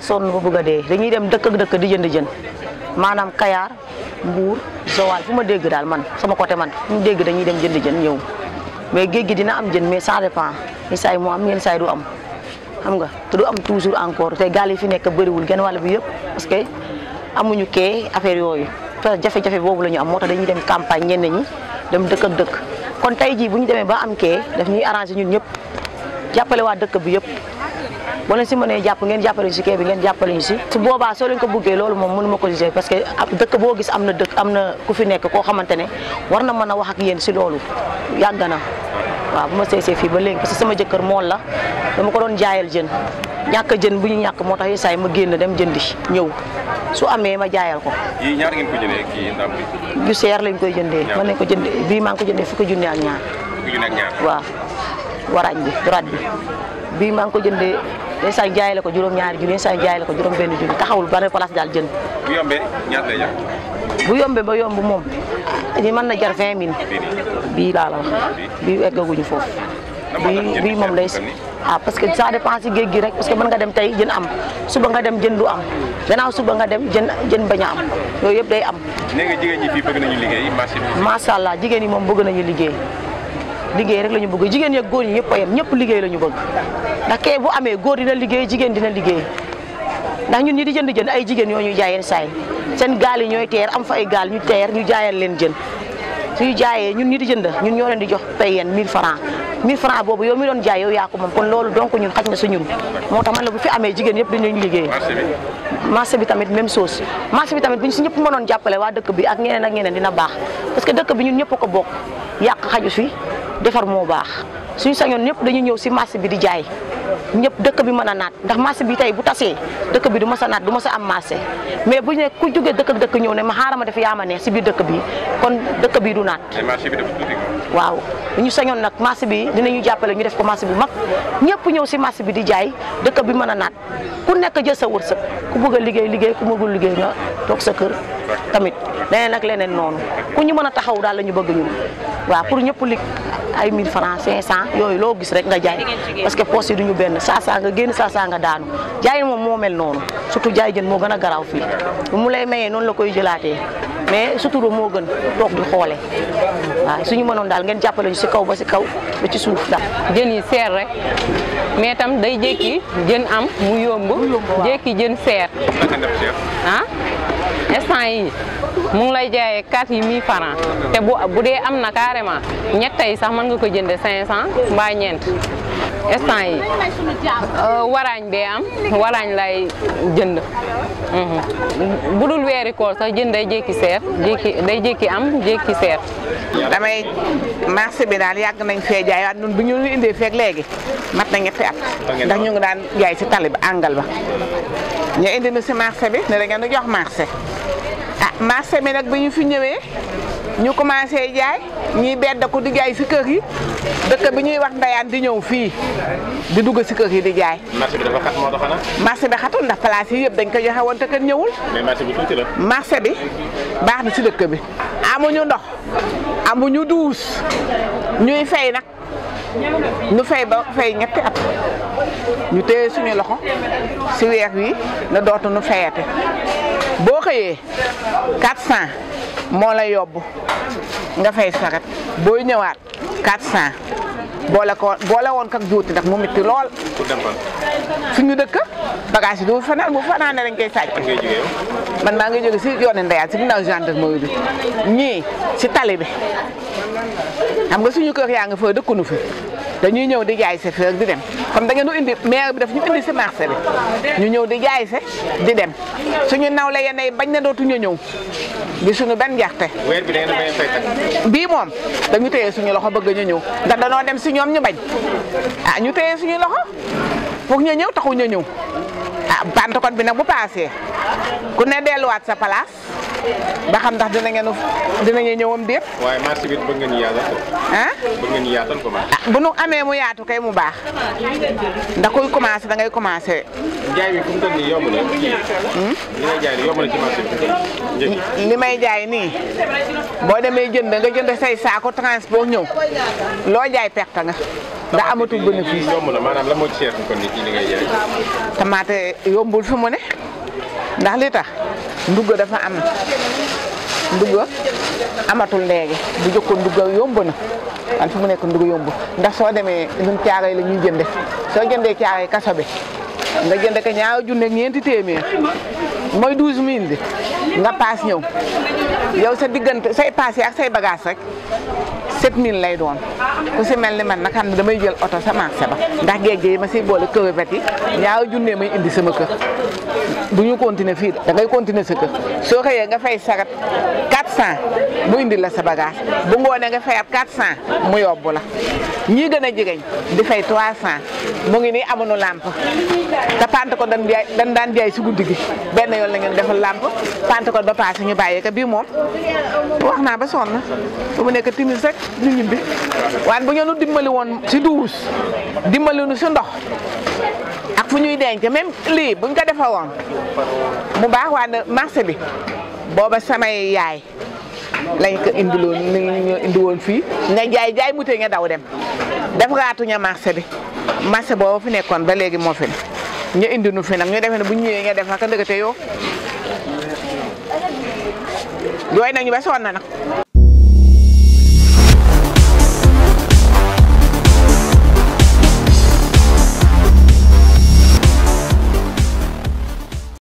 sonn bu bëgg a dee dañuy dem dëkk ak dëkk di jënd jën maanaam Kayaar Mbuur Joal fu ma dégg daal man su ma côté man fu mu dégg dañuy dem jënd jën ñëw mais géej gi dina am jën mais ça dépend yenn saa yi mu am yenn saa du am xam nga te du am toujours encore te gaal yi fi nekk bariwul genn wàll bi yëpp parce que amuñu kee affaire yooyu te jafe boobu la am moo tax dañuy dem campagne ñenn ñi dem dëkk dëkk kon tey jii bu ñu demee ba am kee daf ñuy arrangé ñun ñëpp jàppale dëkk bi yëpp boo leen si mënee jàpp ngeen jàppale ñu si ngeen jàppale ñu si su boobaa ko buggee moom mënu ma ko gisee parce que dëkk boo gis am na dëkk am na ku fi nekk koo xamante ne war na mën a wax ak yéen si loolu yàgg na waaw bu ma seesee fii ba léegi parce que sama jëkkër mool la dama ko doon jaayal jën ñàkk jën bu ñu ñàkk moo tax yesaay ma génn dem jëndi ñëw su amé ma jaayal ko yi ñaar ngeen ko jëndé ki ndam bi yu seer lañ koy jëndé ma ne ko jëndé bi ma ngi ko jëndé fukki junni ak ñaar fukki junni ak ñaar waaw warañ bi droite bi bi ma ngi ko jëndé ndeysaan sa jaayal ko juroom ñaar junni ndeysaan jaay la ko juroom benn junni taxawul benn place dal jënd bu yombé ñaar lay jar bu yombé ba yomb mom ñi man na jar 20000 bi la la wax bii eggaguñu fofu bi mom lay waaw ah, parce que ça dépend si gi rek parce que mën nga dem tey jën am suba nga dem jën du am gannaaw suba nga dem jën jën bañ am yooyu yëpp day am. macha allah jigéen ñi moom bëgg nañu liggéey liggéey rek la ñu bëgg jigéen ñi góor ñi yëpp yem ñëpp liggéey la ñu bëgg ndax kee bu amee góor dina liggéey jigéen dina liggéey ndax ñun ñi di jënd jën ay jigéen yoo ñuy jaayeen saay seen gaal yi ñooy teer am fa ay gaal ñu teer ñu jaayal leen jën suñu jaayee ñun ñi di jënd ñun ñoo leen di jox payen 1000 francs 1000 francs boobu yow mi doon jaay yow yaa ko moom kon loolu donc ñun xaj na su ñun moo tax man la bu fi amee jigéen yëpp dinañ liggéey marché bi tamit même chose marché bi tamit bu ñu si ñëpp mënoon jàppale waa dëkk bi ak ñeneen ak ñeneen dina baax parce que dëkk bi ñun ñëpp ko bokk yàq xaju si defar moo baax suñu sañoon ñëpp dañu ñëw si marché bi di jaay ñëpp dëkk bi mën a naat ndax marché bi tey bu tasee dëkk bi du mas a naat du mas a am marché mais bu ñu ne ku jógee dëkk dëkk ñëw ne ma xaaral ma def yaa ma neex si biir dëkk bi kon dëkk bi du naat. marché bi waaw ñu sañoon nag marché bi dinañu jàppale ñu def ko marché bu mag ñëpp ñëw si marché bi di jaay dëkk bi mën a naat ku nekk jël sa ku bëgg a liggéey liggéey ku mëgul liggéey nga toog sa kër. tamit leneen ak leneen noonu ku ñu mën a taxaw daal la ñu bëgg ñu waaw pour ñëpp lig ay 1000 francs 500 yooyu loo gis rek nga jaay parce que poche yi duñu benn saa saa nga génn saa saa nga daanu jaay moom moo mel noonu surtout jaay jën moo gën a garaw fii bu mu lay mayee noonu la koy jëlaatee mais surtout moo gën toog di xoole waaw suñu mënoon daal ngeen jàppale ñu si kaw ba si kaw ba ci suuf daal. jën yi seer rek mais tam day jékki jën am mu yomb jékki jën seer instant yi mu ngi lay jaayee quatre yi mi francs te bu bu dee am na carrément ñett yi sax mën nga ko jënde cinq cent mbaa ñeent instant yi euh, waraañ bee am waraañ lay jënd mhm. bu dul weeri koor sax jënd day jékki seer jékki day jékki am jékki seer damay marché bi daal yàgg nañ fee jaay waat ñun bu ñu indee feeg léegi mat na ñetti at ndax ñu ngi daan jaay ci tali bi àngal ba ñu indi nu ci marché bi ne da ngeen di jox marché ah marché bi nag bi ñu fi ñëwee ñu commencé jaay ñuy bedd ko di jaay si kër yi dëkk bi ñuy wax ndayaan di ñëw fii di dugg si kër yi di jaay. marché bi dafa xat moo tax na. marché bi xatul ndax place yi yëpp dañ ko joxe woon te kenn ñëwul. mais marché bi tuuti la. marché bi baax na si dëkk bi. amuñu ndox amuñu duus ñuy fay nag ñu fay ba fay ñetti at ñu téye suñu loxo si weer wi na dootuñu fayate boo xëyee 400. moo la yobbu nga fay saret booy ñëwaat 400 boole ko boole woon ka juuti ndax mu métti lool. suñu dëkk bagage yi du fanaan bu fanaane dañ koy sàcc. man maa ngi jóge si yoonu Ndeyaan si ginnaaw gendarmerie bi ñii si tali bi xam nga suñu kër yaa nga fa dëkkunu fi. dañuy ñëw di jaay si rek di dem comme da ngeen nu indi maire bi daf ñu indi si marché bi ñu ñëw di jaay si di dem suñu nawle yeneen bañ na dootuñu ñëw gisuñu benn njaxte weer bi da ngeen bañ a fay bii moom dañu téye suñu loxo bëgg ñu ñëw ndax danoo dem si ñoom ñu bañ ah ñu téye suñu loxo foog ñu ñëw taxu ñu ñëw ah bant kon bi nag bu paasee ku ne delluwaat sa place ba xam ndax dina ngeen dina ngeen ñewum dépp way marché bi bëgg ngeen yaatal ko hein bëgg ngeen yaatal ko ma bu nu amé mu yaatu kay mu baax ndax koy commencé da ngay commencé jaay bi fu mu toll yomul hmm na li may jaay yomul ci marché bi li may jaay ni bo demee jënd nga jënd say saako transport ñew lo jaay perte nga da amatu bénéfice yomul manam la mo ci xéx ko ni ci li ngay jaay tamaté yombul fu mu né ndax li tax ndugg dafa am ndugg amatul léegi bu jëkkoon ndugg yomb na fi mu nekk ndugg yomb ndax soo demee ñun caaray la ñuy jënde soo jëndee caaray kaso bi nga jënd ko ñaari junne ñeenti téeméer mooy douze mille bi nga paas ñëw yow sa diggante say paas yi ak say bagage rek sept mille lay doon ku si mel ni man nag xam ne damay jël oto sa marché ba ndax géej gi ma si boole kërëbet yi ñaari junne may indi sama kër bu ñu continuer fii dangay ngay sa kër soo xëyee nga fay sarat 400 mu indi la sa bagage bu ngoonee nga ab fayaat 400 mu yobbu la ñii gën a jegeñ di fay 300 mu ngi nii amuñu lamp te pante ko dan jaay daan jaay si guddi gi benn yoon la ngeen defal lamp pante ko ba paase ñu bàyyee ko bii moom wax naa ba sonn mu nekk waaye bu ñoonu dimbali woon si duus dimbali nu si ndox ak fu ñuy denc même lii buñ ko defa woon mu baax waa ne marché bi booba samay yaay lañ ko indiloon ni ñu indi woon fii nga jaay jaay mu tee nga daw dem def raatuña marché bi marché booba fi nekkoon ba léegi moo fi ne ñu indi nu fi nag ñu defe ne bu ñu ñëwee nga def ak ndëgate yoo yooyu nañu ba sonn nag